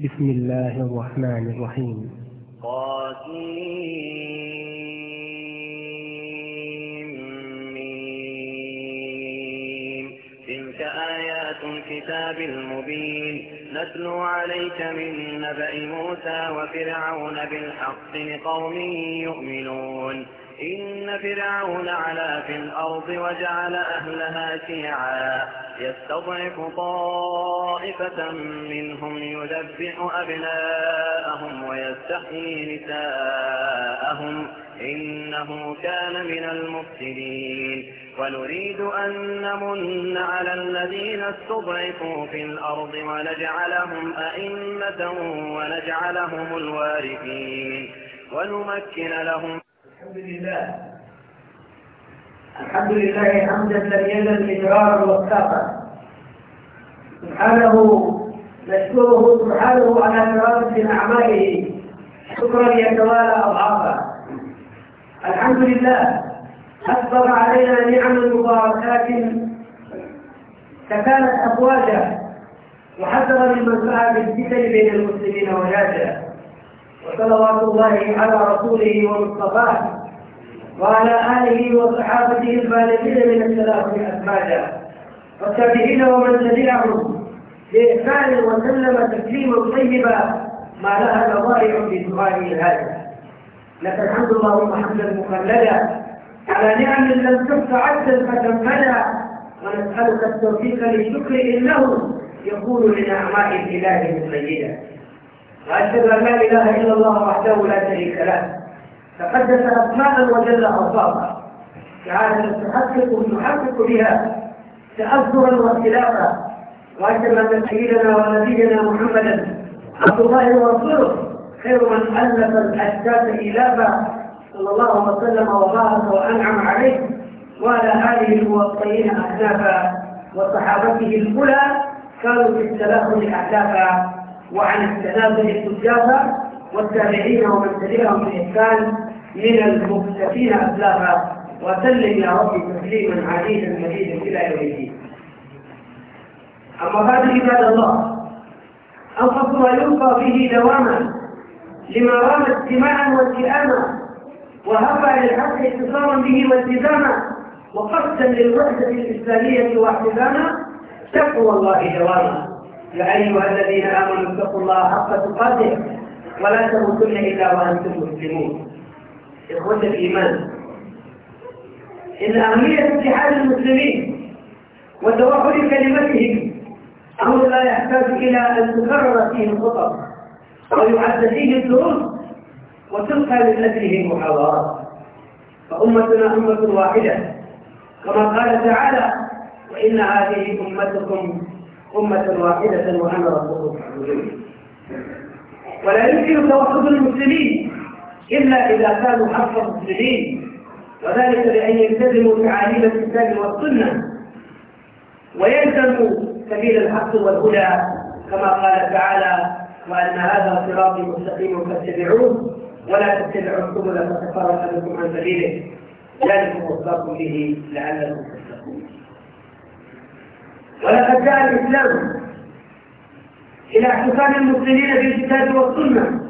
بسم الله الرحمن الرحيم قاسمين تلك آيات الكتاب المبين نتلو عليك من نبأ موسى وفرعون بالحق لقوم يؤمنون إن فرعون علا في الأرض وجعل أهلها شيعا يستضعف طائفة منهم يذبح أبناءهم ويستحيي نساءهم إنه كان من المفسدين ونريد أن نمن على الذين استضعفوا في الأرض ونجعلهم أئمة ونجعلهم الوارثين ونمكن لهم الحمد لله الحمد لله حمدا لم يزل إدرارا سبحانه نشكره سبحانه على كرامة أعماله شكرا يتوالى أضعافا الحمد لله أكبر علينا نعم مباركات تكالت أفواجا وحذر من مزرعه الفتن بين المسلمين وجاجا وصلوات الله على رسوله ومصطفاه وعلى آله وصحابته البالغين من السلام أسمادا والتابعين ومن تبعهم بإحسان وسلم تسليما طيبا ما لها نظائر في سؤاله هذا لك الحمد اللهم حمدا مخلدا على نعم لم تبقى عبدا فتمدا ونسألك التوفيق للشكر إنه يكون من أعماء الإله مسيدا وأشهد أن لا إله إلا الله وحده لا شريك له تحدث أسماء وجل اوصافا تعالى تحقق نحقق بها تأثرا واختلافا وأشهد أن سيدنا ونبينا محمدا عبد الله ورسوله خير من ألف الأشكاك ايلافا صلى الله وسلم وبارك وأنعم عليه وعلى آله الموطئين أحنافا وصحابته الأولى كانوا في التلاحم أحلافا وعن التنازل السجافة والتابعين ومن تبعهم بإحسان من المكتفين ابلاغا وسلم يا ربي تسليما عزيزا مجيدا إلى يوم الدين أما بعد عباد الله أنفس ما يلقى به دواما لما رام استماعا والتئاما وهبى للحق اتصالا به والتزاما وقصدا للوحدة الإسلامية واحتزاما تقوى الله دواما يا أيها الذين آمنوا اتقوا الله حق تقاته ولا تموتن إلا وأنتم مسلمون إخوة الإيمان إن أهمية اتحاد المسلمين وتوحد كلمتهم أمر لا يحتاج إلى أن تكرر فيه الخطط ويعد فيه الدروس وتلقى من أجله فأمتنا أمة واحدة كما قال تعالى وإن هذه أمتكم أمة واحدة وأنا رسول ولا يمكن توحد المسلمين إلا إذا كانوا حق مسلمين وذلك بأن يلتزموا تعاليم الكتاب والسنة ويلزموا سبيل الحق والهدى كما قال تعالى وأن هذا صراطي مستقيم فاتبعوه ولا تتبعوا السبل فتفرق بكم عن سبيله ذلك وصاكم به لعلكم تتقون ولقد جاء الإسلام إلى حكام المسلمين بالكتاب والسنة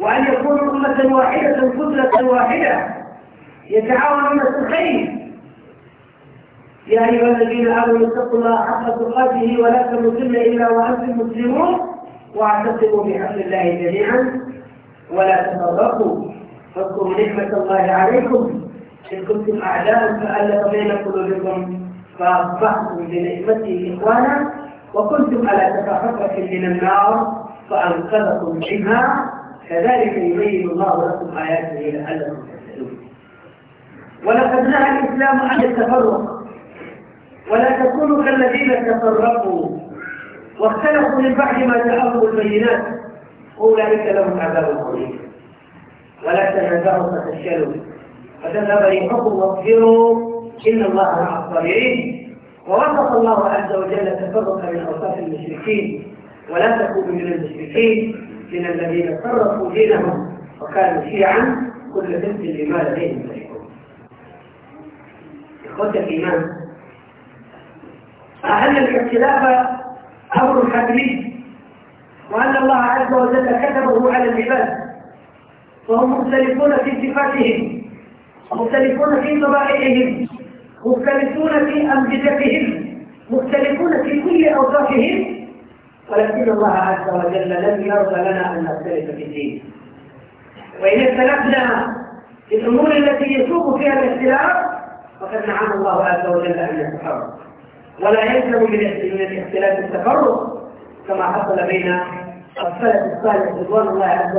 وأن يكونوا أمة واحدة كتلة واحدة يتعاونون في الخير يا أيها الذين آمنوا اتقوا الله حق تقاته ولا تموتن إلا وأنتم مسلمون واعتصموا بحبل الله جميعا ولا تفرقوا فاذكروا نعمة الله عليكم إن كنتم أعداء فألف بين قلوبكم فأصبحتم بنعمته إخوانا وكنتم على تفاحة من النار فأنقذكم منها كذلك يبين الله لكم آياته لعلكم ولقد نهى الإسلام عن التفرق ولا تكونوا كالذين تفرقوا واختلفوا من بعد ما جاءهم البينات أولئك لهم عذاب عظيم ولا تنازعوا فتفشلوا فتذهب ريحكم واصبروا إن الله مع الصابرين ووصف الله عز وجل التفرق من أوصاف المشركين ولا تكونوا من المشركين من الذين فرقوا دينهم وكانوا شيعا كل بنت لما لديهم فرحون إخوة الإيمان أهل الاختلاف أمر حتمي وأن الله عز وجل كتبه على العباد وهم مختلفون في صفاتهم مختلفون في طبائعهم مختلفون في أمجدتهم مختلفون في كل أوصافهم ولكن الله عز وجل لم يرضى لنا أن نختلف في الدين وإن اختلفنا في الأمور التي يسوق فيها الاختلاف فقد نعم الله عز وجل أن يتحرك ولا يلزم من الاختلاف التفرق كما حصل بين السلف الصالح رضوان الله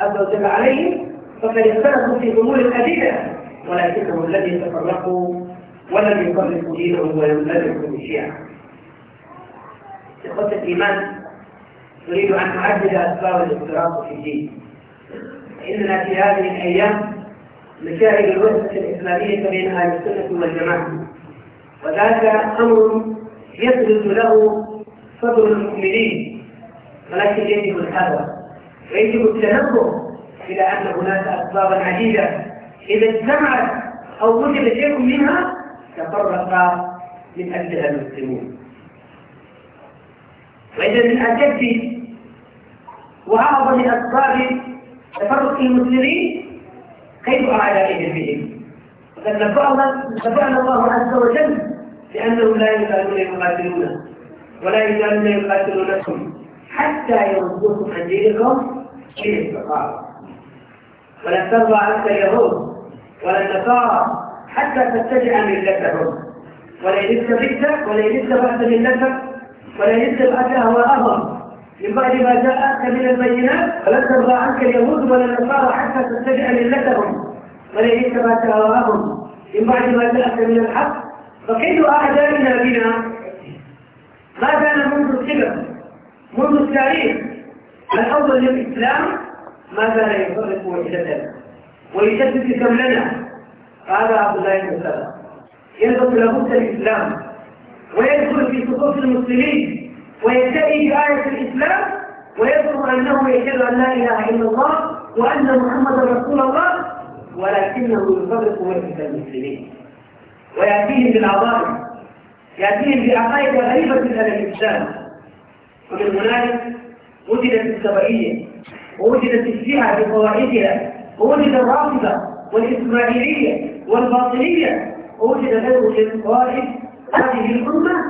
عز وجل عليهم فقد اختلفوا في امور الادله ولكنهم الذي تفرقوا ولم يفرقوا دينهم ولم يفرقوا الشيعه إخوة الإيمان نريد أن نعدد أسباب الافتراق في الدين فإننا في هذه الأيام نشاهد الوحدة الإسلامية بين أهل السنة والجماعة وذاك أمر يسجد له صدر المؤمنين ولكن يجب الحذر ويجب التنبه إلى أن هناك أسبابا عديدة إذا اجتمعت أو وجد شيء منها تفرق من أجلها المسلمون وإذا من أجد وأعظم أسباب تفرق المسلمين كيف أعلى بهم وقد نفعنا الله عز وجل لأنهم لا يزالون يقاتلون ولا يزالون يقاتلونكم حتى يردوكم عن دينكم إن استطاعوا ولن ترضى عنك اليهود ولا النصارى حتى تتبع ملتهم ولئن اتبعت ولئن اتبعت ملتك ولا ينزل أتى هواءهم من بعد ما جاءتك من البينات فلن ترضى عنك اليهود ولا النصارى حتى تتبع ملتهم ولا يتبع هواءهم من بعد ما جاءك من الحق فقيل أعدائنا بنا ما كان منذ السبب منذ التاريخ أول للإسلام ما كان يفرق وحدة ويشدد لنا هذا عبد الله بن سلام يلبس لابد الإسلام ويدخل في صفوف المسلمين وينتهي بآية الإسلام ويذكر أنه يشهد أن لا إله إلا الله وأن محمدا رسول الله ولكنه يفرق وجه المسلمين ويأتيهم بالعظائم يأتيهم بعقائد غريبة على الإسلام ومن هنالك وجدت السبعية ووجدت الشيعة بقواعدها ووجد الرافضة والإسماعيلية والباطنية ووجد غير القواعد هذه الأمة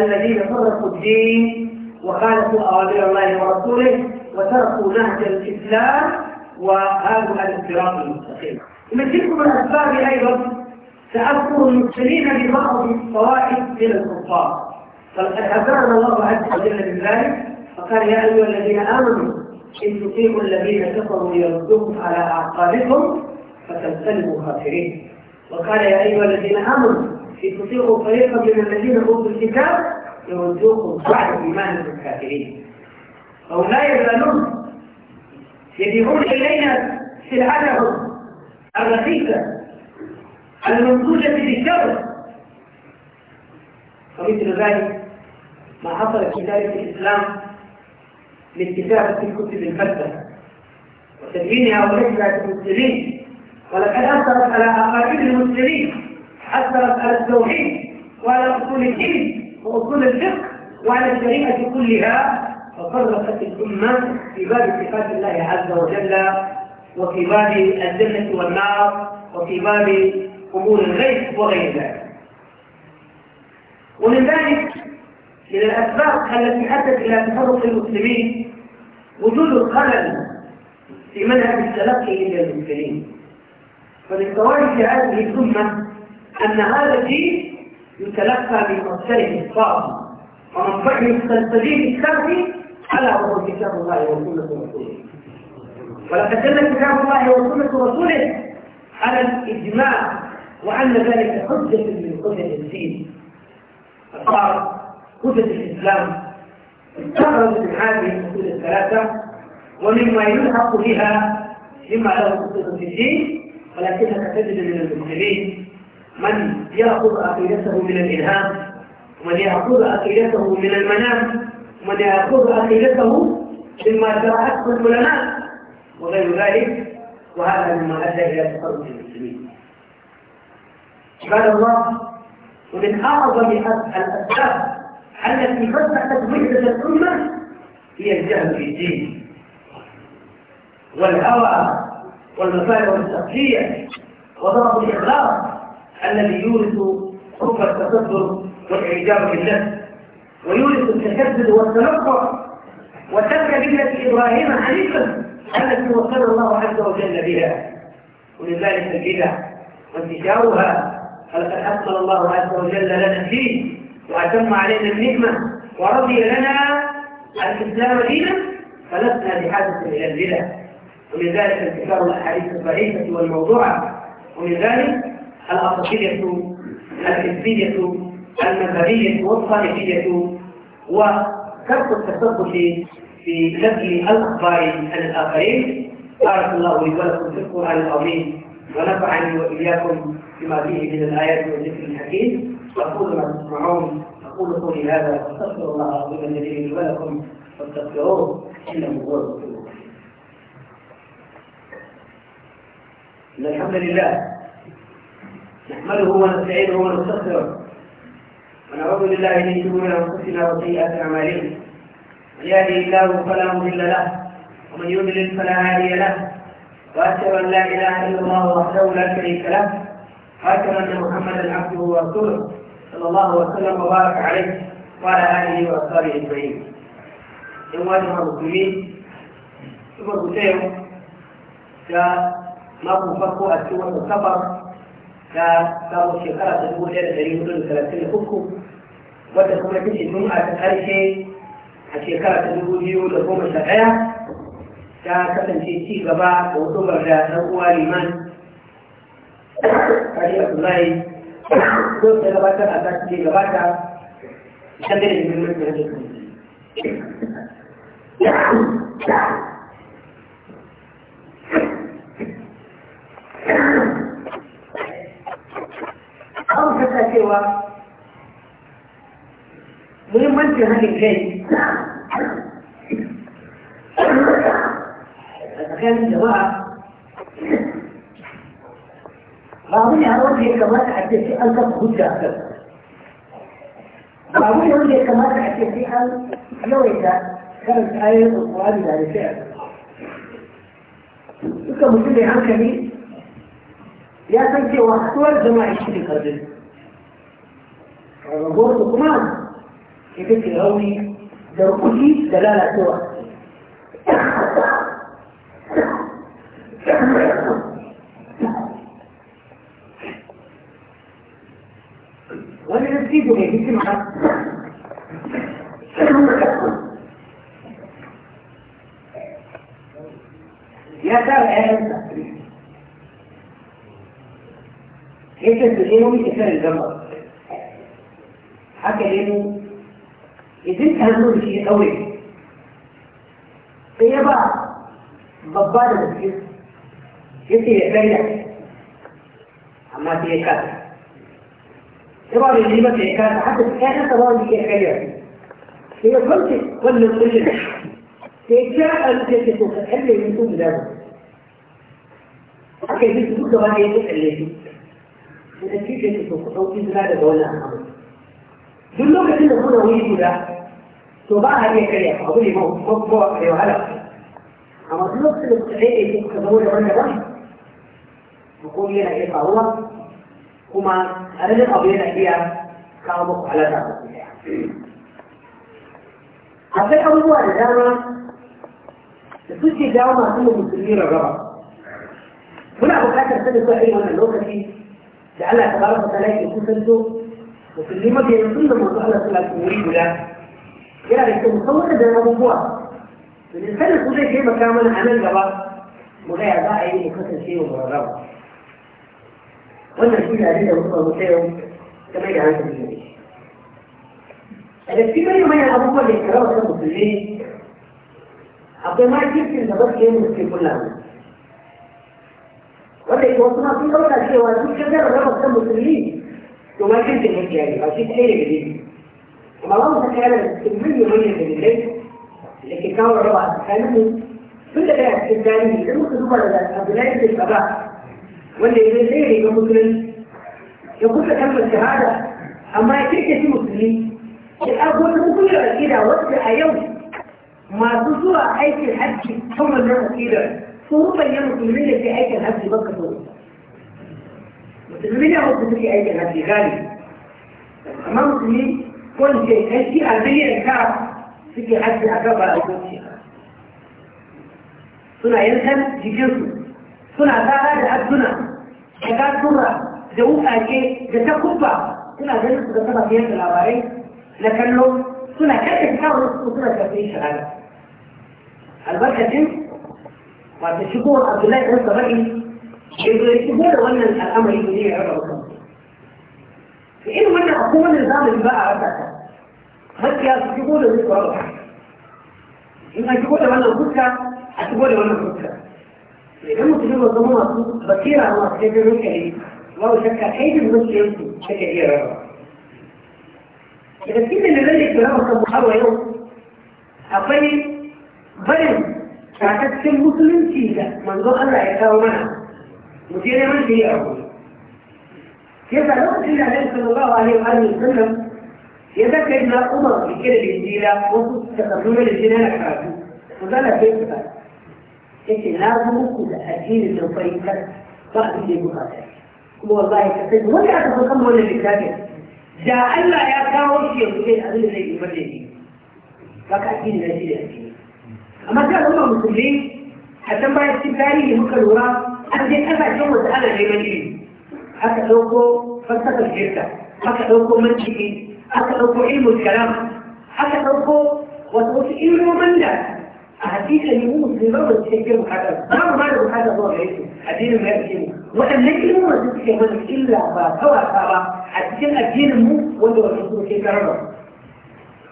الذين فرقوا الدين وخالفوا أوامر الله ورسوله وتركوا نهج الإسلام وهذا الصراط المستقيم. من تلك الأسباب أيضا سأذكر المسلمين ببعض الفوائد من الكفار. فلقد أخبرنا الله عز وجل من ذلك فقال يا أيها الذين آمنوا إن تطيعوا الذين كفروا ليردوكم على أعقابكم فتنقلبوا خاسرين. وقال يا أيها الذين آمنوا تصيغوا طريقا من الذين اوتوا الكتاب يردوكم بعد ايمان الكافرين او لا يزالون يبيعون الينا سلعتهم الرخيصه المنتوجه بالشر ومثل ذلك ما حصل في تاريخ الاسلام من كتابه الكتب الفلسفه وتدوينها ورجعه المسلمين ولقد اثرت على اقاليم المسلمين أثرت على التوحيد وعلى أصول الدين وأصول الفقه وعلى الشريعة كلها ففرقت الأمة في باب صفات الله عز وجل وفي باب الجنة والنار وفي باب أمور الغيب وغير ذلك ومن ذلك من الأسباب التي أدت إلى تفرق المسلمين وجود الخلل في منهج التلقي للمسلمين فمن طوائف هذه الأمة أن هذا الدين يتلقى من مرسله الصافي ومنفعه السلسلين الشرعي على وضع كتاب الله وسنة رسوله ولقد دل كتاب الله وسنة رسوله على الإجماع وأن ذلك حجة من حجج الدين فصار حجة الإسلام استخرج من هذه الأصول الثلاثة ومما يلحق بها مما له خصوص في الدين ولكنها تجد من المسلمين من يأخذ عقيدته من الإلهام ومن يأخذ عقيدته من المنام ومن يأخذ عقيدته مما شرعته العلماء وغير ذلك وهذا مما أدى إلى تقرب المسلمين عباد الله ومن أعظم الأسباب التي فتحت وحدة الأمة هي الجهل في الدين والهوى والمفاهيم الشخصية وضرب الإخلاص الذي يورث حب التصدر والاعجاب بالله ويورث التشدد والتنفر وترك مله ابراهيم حنيفا التي وصل الله عز وجل بها ولذلك البدع وانتشارها فلقد اكمل الله عز وجل لنا الدين واتم علينا النعمه ورضي لنا الاسلام دينا فلسنا بحاجه الى البدع ولذلك انتشار الاحاديث الضعيفه والموضوعه ولذلك الأصلية الحزبية المذهبية والصالحيه وكثرة التسبب في نقل الأخبار عن الآخرين بارك الله لي ولكم في القرآن العظيم ونفعني وإياكم بما فيه من الآيات والذكر الحكيم أقول ما تسمعون أقول قولي هذا وأستغفر الله العظيم الذي لي ولكم فاستغفروه إنه هو الغفور الحمد لله نحمده ونستعينه ونستغفره ونعوذ بالله من شرور انفسنا وسيئات اعمالنا من يهده الله فلا مضل له ومن يضلل فلا هادي له واشهد ان لا اله الا الله وحده لا شريك له واشهد ان محمدا عبده ورسوله صلى الله وسلم وبارك عليه وعلى اله واصحابه اجمعين اخواننا المسلمين ثم قلت جاء ماكو فرق السوء والسفر ta kawo shekara ta dubu ɗaya da ɗari hudu da talatin da uku wadda kuma ta ce tun a ƙarshe a shekara ta dubu biyu da goma sha ɗaya ta kasance ci gaba da hudubar da ɗan uwa liman Ali Abdullahi ko ta gabatar a tashi gabata idan da ne da mutum da cewa muhimmancin haɗin kai a tsakanin jama'a ba mu ne wanda ya kamata a ce sai an kafa hujja a kan ba mu ne wanda ya kamata a ce sai an yawaita karanta ayoyin alƙur'ani da rufe duka mutum mai hankali ya san cewa haɗuwar jama'a shi ne ƙarfi وجور لقمان يبت الغوي إيه؟ درقشي دلالة سوى وانا نسيبه يا بسمعة يا ترى يا انت ايه تسجيلهم يسال الجمر aka nemo idan ka zo da shi ya ɗaure sai ya ba babba da gaske ya ce ya ɗaida amma sai ya kasa ya ba da yi masa ya kasa haka ya kasa ba wani ya ɗaida sai ya kwanci wannan kullum sai ya kira a rufe ke so ka ɗalle yi su guda ba aka yi su duka ba ya yi ɗalle su da shi ke so ku ɗauki zira daga wannan abu duk lokacin da kuna wuri guda to ba a iya karya abu ne ko ko da wahala amma duk lokacin da kuka ɗaya ke kuka zama daban-daban to ko yana iya faruwa kuma adadin abu yana iya kawo muku halata akwai abubuwa da dama da suke jawo masu musulmi rarraba muna buƙatar sanin su a irin wannan lokaci da Allah ta baraka ta lafiya kusanto musulmi ke yanzu da mutu Allah su lafi wuri guda yana da kyau musamman da abubuwa da nisanin su zai taimaka mana a nan gaba mu ga ya za a yi mu kasance wa rarraba wannan shi da da muka mutu yau ta mai da hankali ne a da cikin manyan abubuwan da ke rawa kan musulmi akwai makirkin da ba su yi musu ke kullum wanda ke wasu ma sun ɗauka cewa duk shigar raba kan musulmi وما كنت هيك يعني او شيء ثاني جديد المناطق فعلا كمية مهمة بالليل لكن كانوا ربع كانوا كل ده الثاني الممكن هو بداية الأباء واللي يجري يقول يقول لك أما الشهادة أما يكيك في مسلمين الأول مقولة كده وقت يوم ما تصور حيث الحج ثم الناس كده فهو يوم كلية في حيث الحج بكتور مسلمين يأخذ في أي جهاز غالي أما مسلمين كل شيء أي شيء أبني أكاد في جهاز أكاد على كل شيء سنة ينسل جيكيسو سنة تارا لأبنا أكاد سنة جوف أكي جتا كبا سنة جنس جتا في هذا الأباري لكن لو سنة كتا كتا وسنة كتا شغالة البركة جنس وعند الشكور عبد الله يقول yanzu da wannan al'amari ne ya raba kansa da irin wannan akwai wannan zamani ba a rasa ta makiya su shigo da zuwa ba in an shigo da wannan fuska a shigo da wannan fuska idan mutum ba zama masu basira masu yadda rinka yi babu shakka aikin zuciyarsu take iya raba daga cikin da zai kira masa buhawa yau akwai barin tatattun musulunci da manzon Allah ya kawo mana مدير عندي يا أقول كيف لو قيل النبي صلى الله عليه وآله وسلم يذكر ابن عمر في الإنجيل وصف تقدم الإنجيل أنا كاتب وقال كيف لكن لازم كل أجيل من طريقة بعد في مقاتل كما والله كتب ولا تفكم ولا بكاتب جاء الله يا كاوش يقول أدل الذي يبدأ فك أجيل الأجيل أما كان هم مسلمين حتى ما يكتب تاريخ مكة الوراء an je kasashen wasu ana neman ilimi aka ɗauko falsafar shirka aka ɗauko mantiki aka ɗauko ilmin kalam aka ɗauko wasu wasu ilmomin da a hakika ne mu musulman ba su cikin bukatar ba mu ba da bukatar zuwa gare su addinin mu ya fi mu waɗannan ilmomin da suke mana illa ba kawasa ba a cikin addinin mu wanda wasu suke karar ba.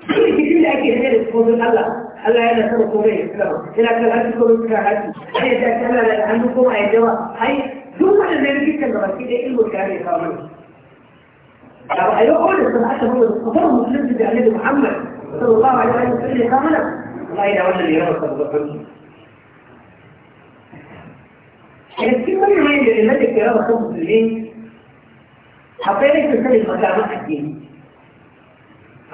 Duk rikicin da ake rike da tsohon Allah Allah yana sama ko bai yana kan hannu ko bai kan hannu ai da ta Allah da hannu ko ai jawa ai duk wanda zai rike da baki da ilmu da ya kawo mana da ba ayo ko da sun aka mu da kafar musulunci da Annabi Muhammad sallallahu alaihi wa sallam ya kawo mana wallahi da wannan ne rawa sabbin لكن كل ما يجري لنا الكلام خمس سنين حطينا في سنة المجامعة الدينية.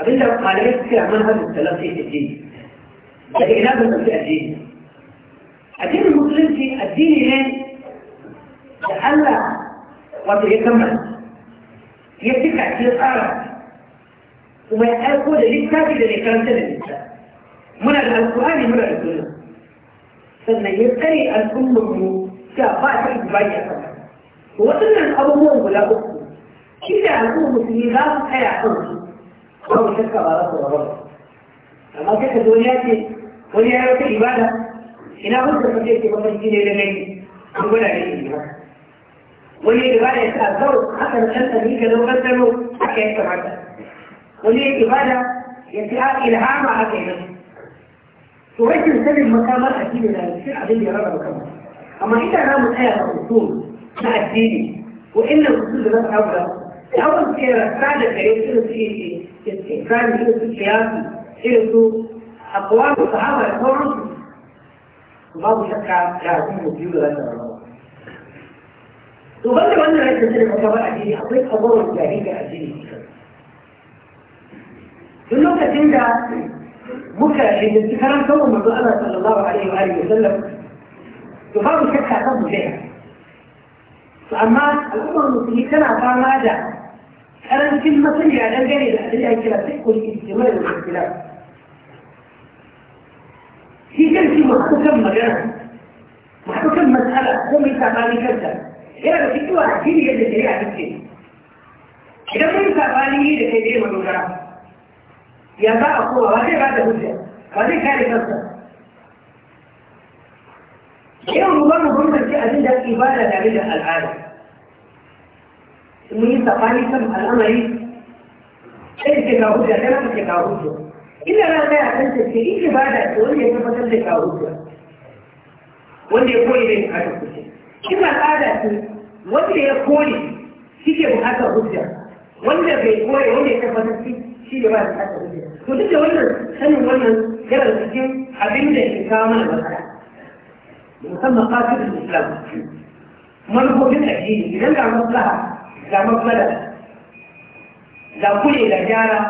قبل ما علمت كده عمل هذا الكلام في الدين. لكن هذا مش الدين الدين المسلم الدين هنا تألق وتيتمت يتكع في الأرض وما يقول للكتاب الذي كان تلك من القرآن من السنة سنة يبتري الأمم كفاءة إجبارية وصلنا الأمم ولا أخو إذا أكون في نظام حياة أمه أو شك على رسول الله أما كيف دولاتي wani ya wata ibada ina mutum da zai ce wannan shi ne da gani an gwada da shi ba wani ibada ya sa zau haka na ɗan tsami ka zau ɗan haka ya kamata wani ibada ya fi a ilhama haka ya nasu to rashin sanin makamar addini na cikin abin da ya raba makamar amma ita na mu tsaya a usul na addini ko inna usul da za ta haɓura da haɓar su ke rasa da kare irin su ke irin su kiyasi irin su أقوال الصحابة يقول رسل وبعض شكا يعزين مبيولة لنا الله وبعد وانا رأيت سنة مكتبة دي حطيت أضر الجاهلية أزيني في الوقت تنجا مكا إن الكلام كون من الله صلى الله عليه وآله وسلم وبعض شكا تضم فيها فأما الأمر المسلمين كان فما ماذا أنا كلمة يعني أنا قال لي أدري أن كلا تحكي الاجتماع والاختلاف في جلسه محتكم مجال محتكم مسألة هم يتعبالي جلسة إذا لو كنت واحد في جلسة جريعة بكين إذا ما يتعبالي لكي دير من مجرام يا باء أخوة وادي بعد هجة وادي كاري جلسة إذا إيه مبارن هم في أجلة إبادة جميلة العالم إنه يتعبالي سمح الأمري إذا كنت أخوة جلسة كنت أخوة جلسة ina ran kai a kan tafiye in ibada ce wanda ya tabbatar da kawo wanda ya koyi da yin haka kuce in al'ada ce wanda ya koyi shi ke bukatar hujja wanda bai koyi wanda ya tabbatar shi shi ne ba da bukatar hujja to duk da wannan sanin wannan yana cikin abin da ke kawo mana matsala musamman kafin islam manufofin addini idan ga maslaha ga maslaha ga kule da gyara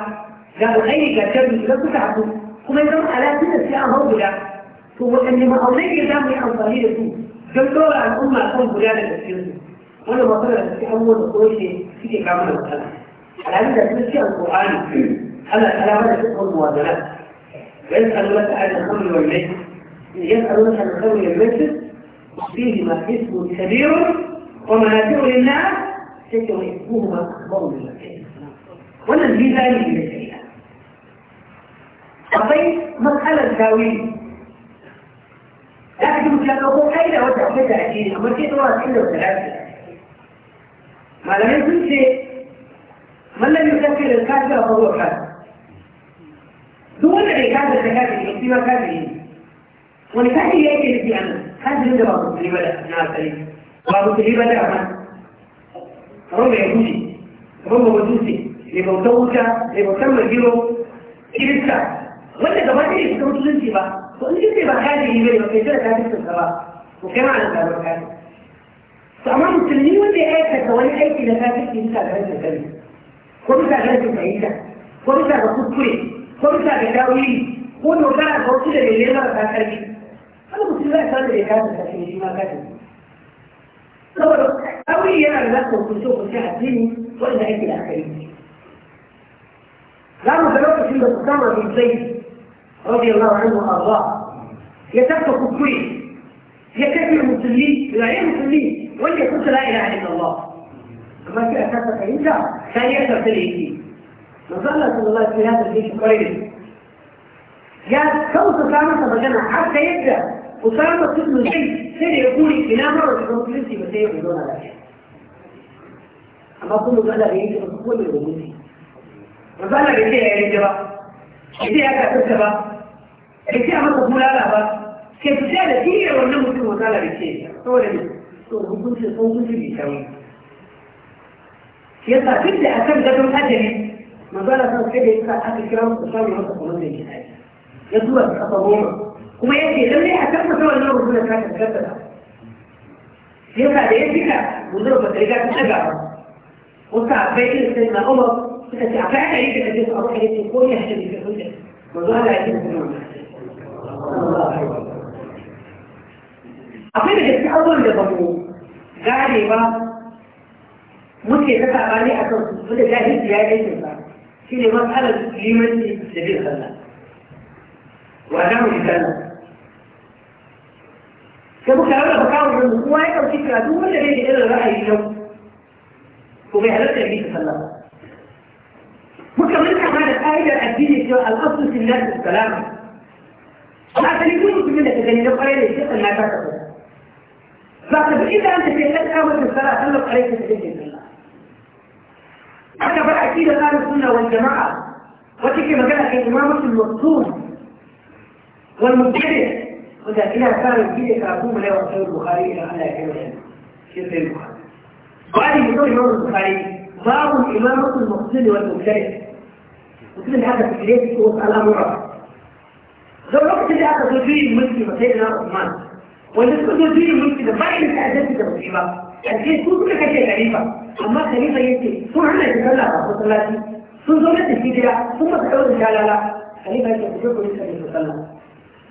قالوا أي كتاب لا تتعبد وما يدرون على سنة في أمر هو أن ما أولئك دام عن طريق الدين كم دور عن أمة أقول بلاد المسيحين وأنا ما طلع في أول قوي في كتاب كامل على هذا شيء القرآن على على هذا سنة المواجهات ويسأل الله عن الخمر والميت يسأل الله عن الخمر والميت وفيه ما اسمه كبير وما نادر للناس كيف يحبوهما قوم الله وانا في ذلك أقول مسألة تاويل لكن متلقوا كيدا وتحمل عشرين أما كيدا وتحمل ثلاثة ما لم يكن شيء من لم يكفر الكافر فهو كافر دون عكاز الكافر في مكافره ونكافر يأتي في أمر كافر ده بابو تليبا ده نار سليم بابو تليبا ده أمان ربع يهودي ربع مدوسي لبوتوتا لبوتم الجيرو كيرستا wanda gaba ɗaya shiga musulunci ba to in jirgin ba kafiri bai ba kai jira kafircin sa ba to kai ma an zama kafiri to amma musulmi wanda ya aikata wani aiki na kafirci bisa ga rashin sani ko bisa ga rashin fahimta ko bisa ga kuskure ko bisa ga tawili ko dogara ga wasu da lele marasa ƙarfi wanda musulmi za a sanar da ya kafin kafin shi ma kafin saboda tawili yana da zaka hukunce hukunce addini wanda ake da akari za mu ga lokacin da su kama mai zai رضي الله عنه وارضاه يكفر كفره يكفر المسلمين وغير المسلمين وان يكون لا اله الا الله اما في اساس الحديثه كان يأثر في الانجيل وظل صلى الله عليه وسلم هذا الشيء قريب يا صوت كامل تبجنا حتى يبدا وكان ابن الزيد سير يقول الى مره في المسلمين بس هي بدون ذلك اما كل بلد يجب ان تكون من وقال لي ايه يا رجل ايه هذا كتبه bai ce masa bulala ba ke fita da tiye wannan mutum wata da ke saboda ne to hukunci sun hukunci bai shawo ya sa duk da akan gadon ajali manzala san sai da yasa aka kira su da shawo masa kuma zai gida ya tura su kafa goma kuma ya ce lallai a kan fasa wannan rubuta ta kankanta da ya sa da ya fika muzuru ba ta riga ta daga ba wasu abai irin sai na umar suka ce a kayan da yake da ke su abu a yake ko ya shi da ke hujja manzala ya ce da kuma akwai da gaske abubuwan da ba mu gane ba muke ta sabani a kan su da jahilci ya yi ba shi ne matsalar limanci da bin sallah wa za mu yi sallah sai muka rarraba kawo da kowa ya ɗauki karatu wanda zai ji irin ra'ayi yau ko bai halatta yi sallah muka mun kama da ƙa'idar addini cewa al'asu sun lafi salama ما تريدون مسلمين تجني لو قرينا الشيخ ما تركوا لكن إذا أنت في الأرض أول الصلاة تلو قرينا تجني الله حتى بقى أكيد أهل السنة والجماعة وتكي مجالك الإمامة المرسوم والمبتدئ وتأكيدها كان الجيل كأقوم لا يوصل البخاري إلى أن يكمل شيخ البخاري وهذه بطول إمام البخاري باب الإمامة المقصد والمبتدئ وكل هذا في البيت هو الأمر لو الوقت اللي aka zo juyin mulki ba sai na Usman wanda suka zo juyin mulki da bayan da ajin da mutum ba karshe su suka kashe khalifa amma khalifa yace sun hana shi sallah a masallaci sun zo da tafi gida sun ba su daura shalala khalifa yace ku je ku yi sallah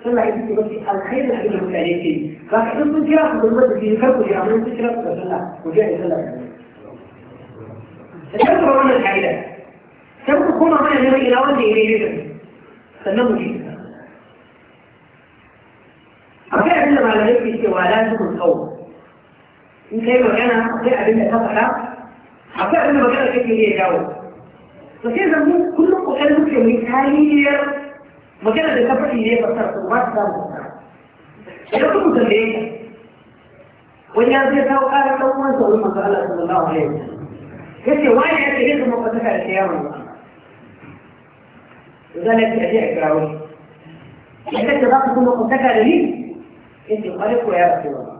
sallah ita ce mafi alkhairin abin da mutane ke yi ba ka in sun kira ku zama da biyu kar ku je amma sun kira ku da sallah ku je a yi sallah da kar ku ba wannan ka'ida kar ku koma mana neman ina wanda ya yi ne sannan mu ji akwai abin da malamai ke cewa la su kun tsawo in kai magana akwai abin da ka faɗa akwai abin da magana kake iya jawo to sai zan kullum kokarin muke mu yi tarihiyar magana da ta faɗi ne fasar ko ba ta samu fasar idan kuma tambaye ka wani ya zai kawo ƙara ɗan uwansa wani manzo Allah sallallahu alaihi wasallam yace wani ya ce yin kuma fasaka da yawan ba وذلك أشياء كراوية. إذا اتفقتم وقتك دليل انت خالق ويا رسول الله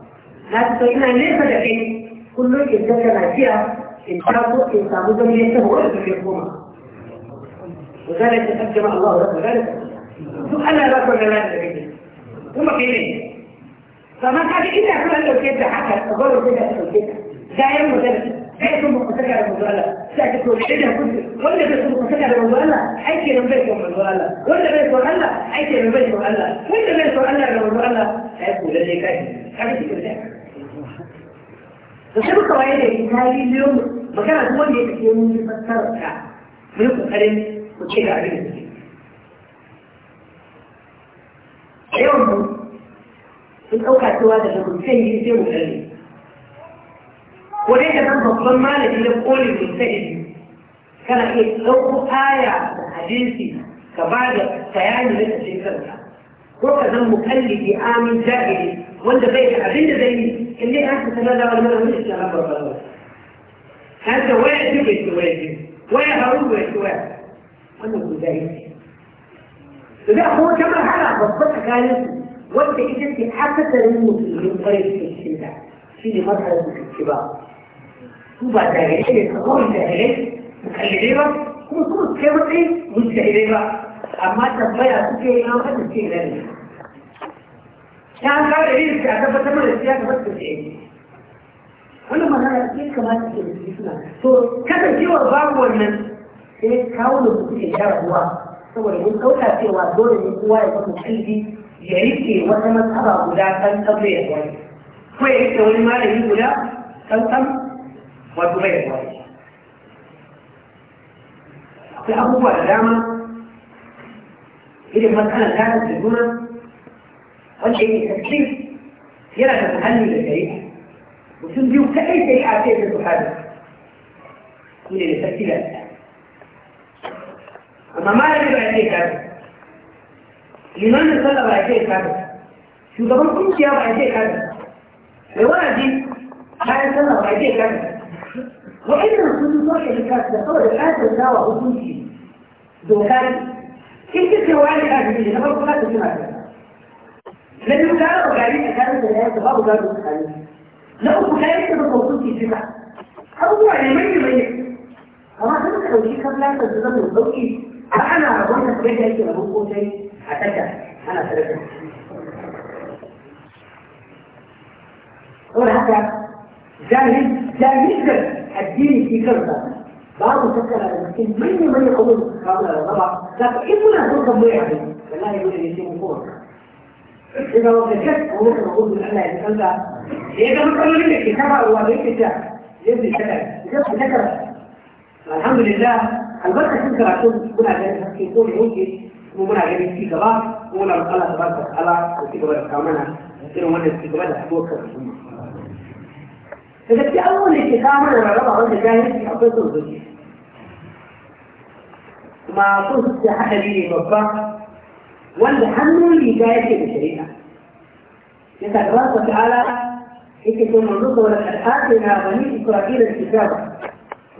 لا تسألنا ليه فلكن كل الجزء العشية إن شاء إن تعبد من يستهوى في الحكومة وذلك تقدم الله لك ذلك سؤال لك ولا لا ثم كلمة فما كان إلا كل الكتاب حتى أقول كده كده دائما كده هي ثم قتلك على مزوالة ساعتك وجعلها كنت ولا بيت قتلك على مزوالة حيث من بيت مزوالة ولا بيت وعلا حيث من بيت وعلا ولا بيت وعلا على مزوالة ساعتك للي كاين حبيبتي كنت تشبه قواعد هذه اليوم إيه، إيه، إيه، مكان هو اللي يوم يفسر من القرآن وتشيك عليه اليوم في الأوقات هذا الشغل كان يجي وكان وليس نظر ظلمة لإلا قول المنتجد كان إيه لو آية حديثي كبعد سيعني لسا شيء كذلك وكذا المكلف آمن جاهلي وانت بيت عبين زي اللي أنت سنالا ولا مرة مش تغبر بالله كانت واجب بيت واجب واجب واجب واجب وانا بيت جاهلي فده هو كما حالا بصدق قال وانت كتبت حتى تنمو في المطريق في الشمال في مرحلة الكبار كوبا داخلية الأمور الداخلية مكلمة كوبا كوبا كلمة إيه مستهلكة أما تنبيع سكي إلى وقت استهلاكها يعني قال إيه السياسة فتمر السياسة بس بالإيه ولا ما أنا كيف كمان تكلمنا so kada ciwon babu wannan sai kawo da mutum ya gyara ruwa saboda mun ɗauka cewa dole ne kowa ya zama kalbi ya rike wata matsala guda kan kan bai da wani ko ya rike wani malami guda kan kan wato rai da wani akwai abubuwa da dama irin matsalar gane da juna wanda yake tafsir yana da muhalli da shari'a mutum biyu kaɗai shari'a ce da su hada su ne da tafsira amma malami ba ce kafin limanin sallah ba ce kafin shugaban kungiya ba ce kafin mai wani bayan sallah ba ce kafin وإننا كل نوع شركات تطور الآن تساوى أصول شيء دوكان كيف تسوي هذا الشيء؟ أنا بقول لك شو لأنه كان وكالي كان الآن تبغى وكالي وكالي لو وكالي تبغى في شيء أو يعني ما يبين أما هذا لو شيء قبل أن تزداد الضوء فأنا أقول لك بيجي أي أبوك شيء أتكلم أنا أتكلم ولا هذا جاهز جاهز الدين في كذا بعض فكر ان من من يقول قال طبعا طب ايه اللي هتقول طب يعني لا يقول ان يشوف فور اذا هو هو يقول انا اتكلم ايه ده بيقول لي الكتاب هو ده انت ده ده الحمد لله البركه تنزل على كل تكون على كل يكون ممكن تكون على جنب في كذا ولا قال تبارك الله وتبارك كمان تصير من الكتاب ده هو كذا إذا في أول اتفاق أنا ربع وأنت جاهز في أول تنزل ما كنت حتى لي مبا والحمل اللي جاية بشريعة يسأل الله تعالى إذا كنت ننظر الآتنا بني إسرائيل الكتابة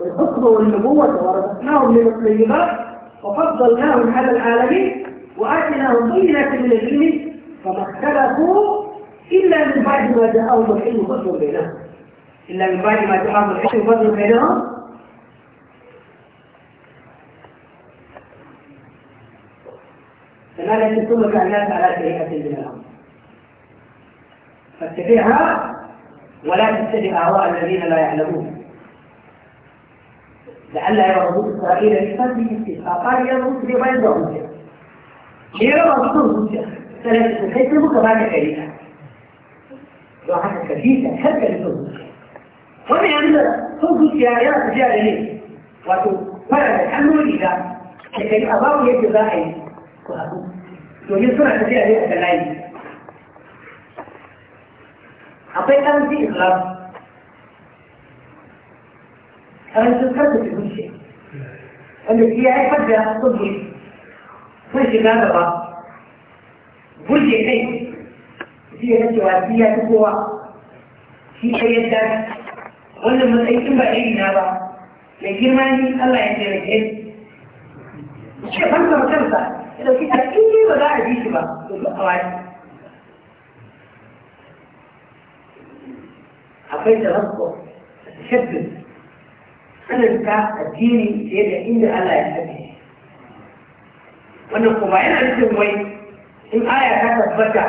والحكم والنبوة ورزقناهم من الطيبات وفضلناهم على العالمين وآتناهم بينة من العلم فما اختلفوا إلا من بعد ما جاءهم العلم فضل بينهم إلا من بعد ما تحاضر الحكم يفضل بينهم فلا يشتمك الناس على شريعة من الأمر فاتبعها ولا تتبع أهواء الذين لا يعلمون لعل يرغبون إسرائيل في قلبه قال يرغبون في غير ضرورة يرغبون فيها ثلاثة حيث بك بعد كريمة وحتى كثيرة حتى لتوبة wannan ya nuna son zuciya yana tafiya da ne wato fara da hannun riga da kai a babu yadda za a yi ku haɗu domin suna tafiya ne a ga layi akwai ƙarancin islam ƙarancin karfafa zuciya wanda shi ya haifar da son zuciya sun shiga gaba burge kai shi ya cewa shi ya fi kowa shi ɗaya dace wannan matsayi tun ba iri na ba mai girma ni Allah ya taimake shi shi ban kama kansa ya dauki ta in ba za a ji shi ba to duk a wani akwai tarabbo tashaddud tsananta addini fiye da inda Allah ya tafi wannan kuma yana nufin wai in aya ta tabbata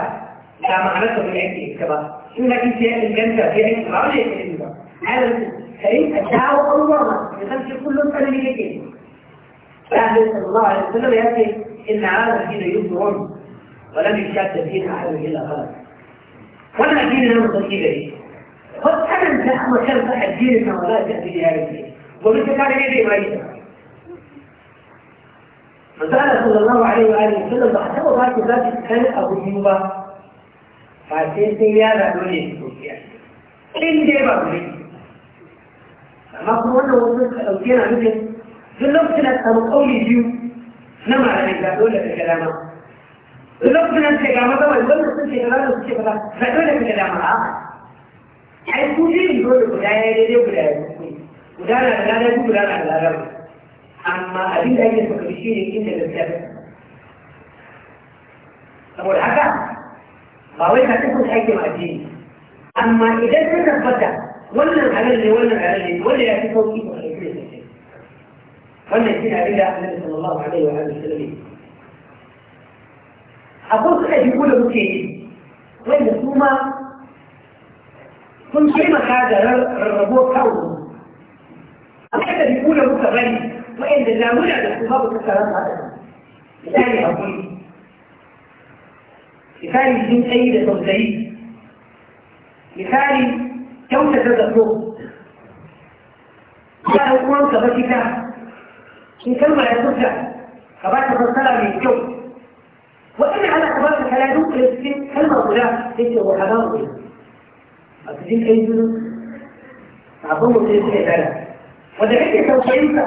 ga ma'anarsa mai ake ita ba in ga ita ya inganta fiye da ba wani ya على الحديث الدعوة أول مرة يخلي كل سنة لكين فأهل صلى الله عليه وسلم يأتي إن هذا هنا يبدو ولم يشد فينا أحد إلا غلط وأنا أجيني أنا مستقيلة إيه قد أنا أنت مكان صح الدين كما لا تأتي لهذه ومن كان يدي ما فقال صلى الله عليه وآله وسلم فحسبه ذاك ذاك كان أبو يوبا فأتيت يا رجل يسوع إن جاب amma kuma wannan wasu ka ɗauki yana nufin duk lokacin da samu ƙauli biyu na malamai ga dole ka ga dama duk lokacin da ce ga maza wani wannan sun ce ga zaka su ce ba ga dole ka ga dama a'a ai ku ji dole guda ya yi daidai guda ya yi guda na da lada ku guda na da lada ku amma abin da ake saka shi ne inda gaskiya ta saboda haka ba wai ka tafi aiki ma addini amma idan sun tabbata wannan halal ne wannan halal ne wanda ya fi sauki ba shi ne wannan shi ne abin da annabi sallallahu alaihi wa alihi wasallam akwai suka ji da muke yi wanda su ma sun taimaka da rarrabo kawo akwai da ji da muka bari wa'anda damuna da su babu kuka rasa haka misali hakuri misali jin tsayi da tausayi misali kyauta ta zato ya ɗan uwanka mafita in kalma ya tuka ka ba ta fassara mai kyau waɗanda ana ka ba ta kala duk da cikin kalma guda ya ce wa haramu ne a cikin kai juna abin mutum ya ce dara wanda kake tausayinsa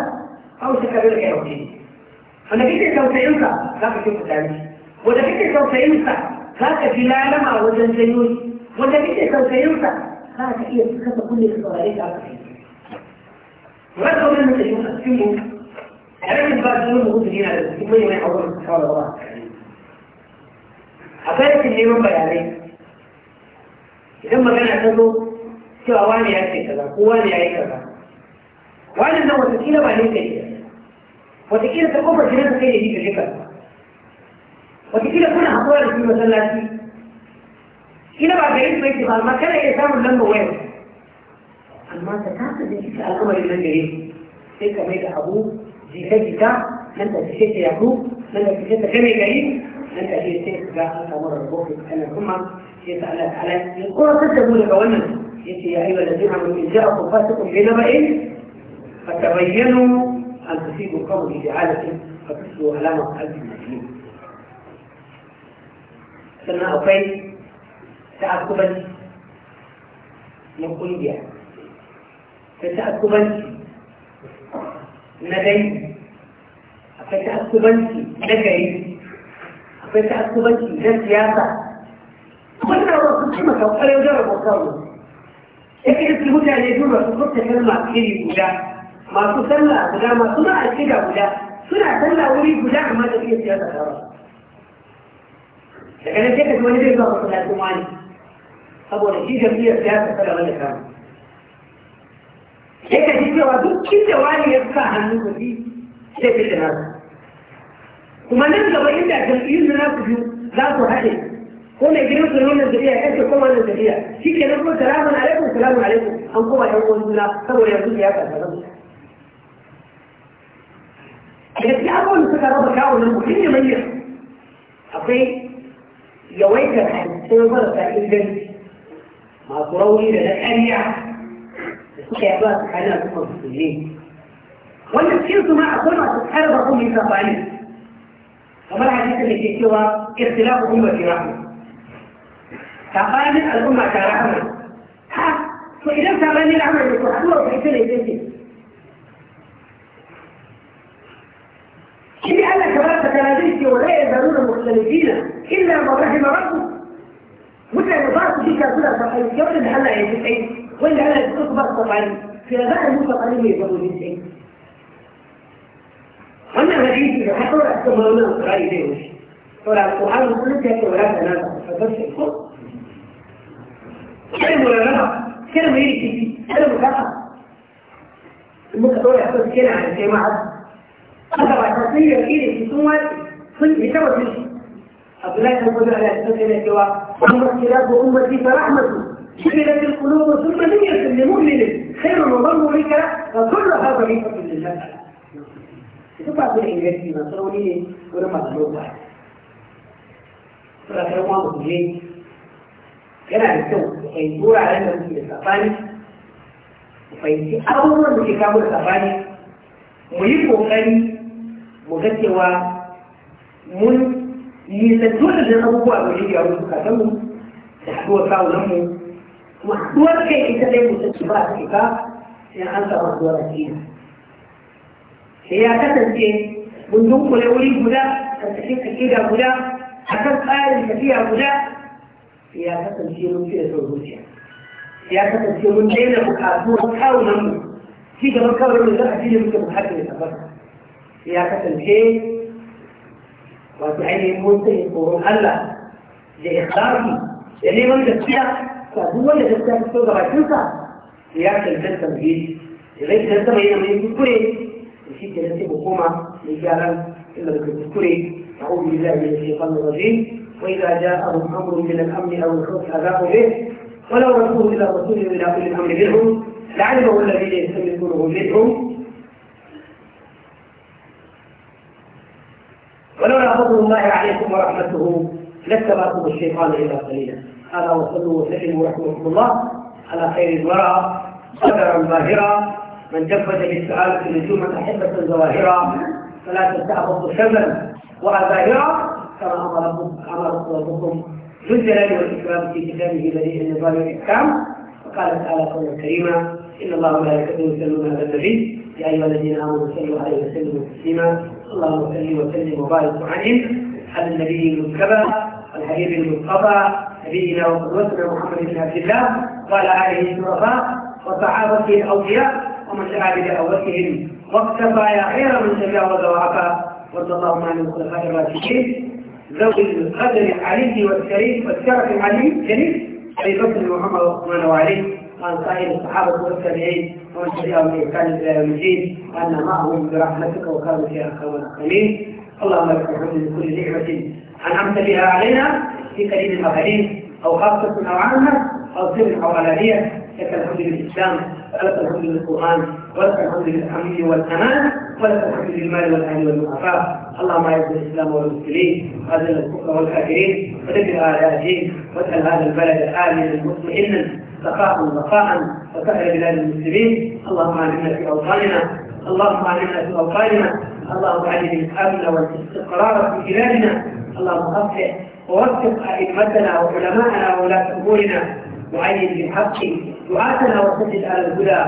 an shi kabir ka yauke wanda kake tausayinsa za ka kyauta tare wanda kake tausayinsa za ka fi lalama wajen janyo wanda kake tausayinsa هذا هي فكرة كل الصواريخ على ولا من التجمع أسلمه أنا من بعد يوم موجود هنا ثم يوم يحضر إن شاء الله أبارك اللي يوم بيعني إذا ما كان أعتبره سوى واني يعيش كذا واني يعيش كذا وأنا أنه وتكيلة وعليه كذا وتكيلة تقوم بجنة كذا هي كذا وتكيلة كنا أطوال في مسلاتي هنا بعد عيد بيت قال ما كان يسام لما وين قال ما تعرف ان في الامر اللي جاي هيك ما يجي ابوه دي هيك كا انت يا يعقوب انت تشيت كان جاي انت تشيت جاء انت مره بوك انا ثم يسال على القرى تجدوا لك وانا يتي يا ايها الذين امنوا ان جاءكم فاسق بنبأ فتبينوا ان تصيبوا قوم بجعاله فتصلوا على مقتل المسلمين سنة akwai تعقبا من قلبها فتعقبا لدي فتعقبا لدي فتعقبا للسياسة wannan wasu kuma kaukarin jarabar kawo ya kira su mutane duba su kuka kalma iri guda masu sallah guda masu ma'aikida guda suna sallah wuri guda amma da iya siyasa kawo daga nan sai ka ji wani zai zuwa masu lafi wani saboda shi jam'iyyar siyasa ta gaba da kama sai ka ji cewa duk inda wani ya sa hannu da shi sai fi da nasu kuma nan gaba inda jam'iyyun na nasu biyu za su haɗe ko mai gidan su wannan zuriya ya ce ko wannan zuriya shi ke nan kuma salamun alaikum salamun alaikum an koma ɗan uwan juna saboda yanzu ya ƙarfa zama gaskiya abubuwan suka raba kawunan mutum ne manyan akwai yawaitar hadisin marasa inganci ما تروي لنا الأريع الشعبات حالا تقوم بسجين وانا سكرت ما أقول ما تتحرى بقوم من ربعين وما الحديث اللي في سوى اختلاف أمة رحمة تقاني الأمة كرحمة ها فإذا تقاني الأمة بتحضر وحيث اللي يجب كيف قال لك بقى تكاليفي ولا يزالون مختلفين إلا ما رحم ربه وإحنا نبارك في كافرة صحيح يوم اللي هلا يجب أي وإن هلا تكبر صحيح في نبارك المطلق أنه يجبه ايه وأنا مدينتي حتى ولا أستمرنا أسرائي ديوش ولا أستوحان مطلق يأتي ولا تنازع فبس الكل كلمة ولا لا كلمة إيه يلي كيفي كلمة كفا المكتور يحصل كلمة على الجماعة هذا بعد تصميم يلي كيفي سوى بسبب عبد الله بن مسعود عليه السلام سوى أما اختلاف أمتي فرحمة شبلت القلوب ثم لم يكن لمؤمن خير وظن لك فكل هذا من فضل الله تبقى في الإنجليزي ما صاروني ولما تلوبها فلا كلام مسلمين كان على السوق ويدور على أنه في السفاني وفيدي أول من كتابه السفاني ويبقى غني مغتوى من misaltuwar da na abubuwa da shi gyaru bukatanmu da haɗuwar kawunanmu kuma haɗuwar kai ita dai mutum ba ta fita sai an samu haɗuwar aƙida sai ya kasance mun dunkule wuri guda karkashin aƙida guda a kan tsarin tafiya guda sai ya kasance mun fi da son zuciya ya kasance mun daina bukatuwar kawunanmu ci gaban kawunanmu za a fi da muke bukatar da tabbata ya kasance wato ainihin mun sanya tsoron Allah da ikhlasi da neman gaskiya ka duk wanda gaskiya ta so gabatinsa ya cancanta mu yi idan idan sama yana mai kuskure da shi ke sai mu koma mu gyaran illa da kuskure أعوذ بالله من الشيطان الرجيم وإذا جاءهم أمر من الأمن أو الخوف أذاعوا به ولو رسول إلى رسول إلى أولي الأمر منهم لعلمه الذين يستملكونه منهم ولولا فضل الله عليكم ورحمته لاتبعتم الشيطان الا قليلا هذا وصلوا وسلموا رحمكم الله على خير الورى قدرا باهرا من جفت للسعادة نجوما أحبة زواهرا فلا تستعبط شملا وأزاهرا كما أمر ربكم ذو الجلال والإكرام في كتابه الذي بديع النظام والإحكام وقال تعالى قولا كريما إن الله وملائكته يصلون على النبي يا أيها الذين آمنوا صلوا عليه وسلموا تسليما صلى الله عليه وسلم وبارك عليه على النبي المتبع الحبيب المصطفى نبينا وقدوتنا محمد بن عبد الله وعلى اله الشرفاء وصحابته الاولياء ومن دعا بدعوتهم واقتفى يا خير من تجاوز وعفى وارض اللهم عن الخلفاء الراشدين ذوي القدر العلي والكريم والشرف العلي الكريم ابي بكر محمد وعثمان وعلي وعن سائر الصحابة والتابعين ومن تبعهم بإحسان إلى يوم الدين وأن معهم برحمتك وكرمك فيها أكرم الأكرمين اللهم لك الحمد لكل نعمة أنعمت بها علينا في قليل المقاليد أو خاصة أو عامة أو سر أو علانية لك الحمد للإسلام ولك الحمد للقرآن ولك الحمد للحمد والأمان ولك الحمد للمال والأهل والمعافاة اللهم اعز الإسلام والمسلمين وأذل الكفر والكافرين ودبر على الدين واجعل هذا البلد آمنا مطمئنا سخاء رخاء وسهل بلاد المسلمين اللهم علمنا في اوطاننا اللهم علمنا في اوطاننا اللهم علم الامن والاستقرار في بلادنا اللهم اصلح ووفق ائمتنا وعلماءنا وولاة امورنا وعين بالحق دعاتنا وسدد على الهدى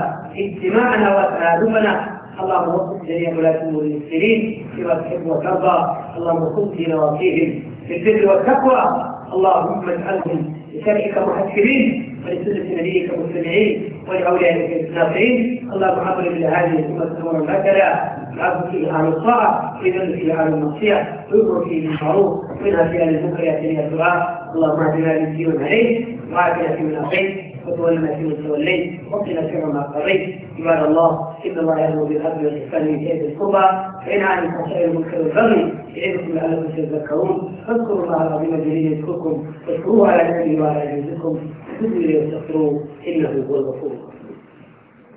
اجتماعنا وتآلفنا اللهم وفق جميع ولاة امور المسلمين فيما تحب وترضى اللهم كن في نواصيهم بالبر والتقوى اللهم اجعلهم لشرعك محكمين ولسنة نبيك المستمعين ولأولياء الناصرين اللهم حفظ إلى هذه الأمة أمورا مكلا في أهل الطاعة إذن في أهل المعصية ويكبر فيه بالمعروف منها في أهل المنكر يأتيني الدعاء اللهم اعطنا من دين عليه وعافنا في من أعطيت وتولنا في من توليت وقنا شر ما قضيت عباد الله إن الله يهدي بالعدل والإحسان من جهة القربى فإن عن الفحشاء المنكر والبغي يعظكم لعلكم تتذكرون فاذكروا الله العظيم الجليل يذكركم واشكروه على نعمه وعلى عزكم اذكروا واستغفروه إنه هو الغفور الرحيم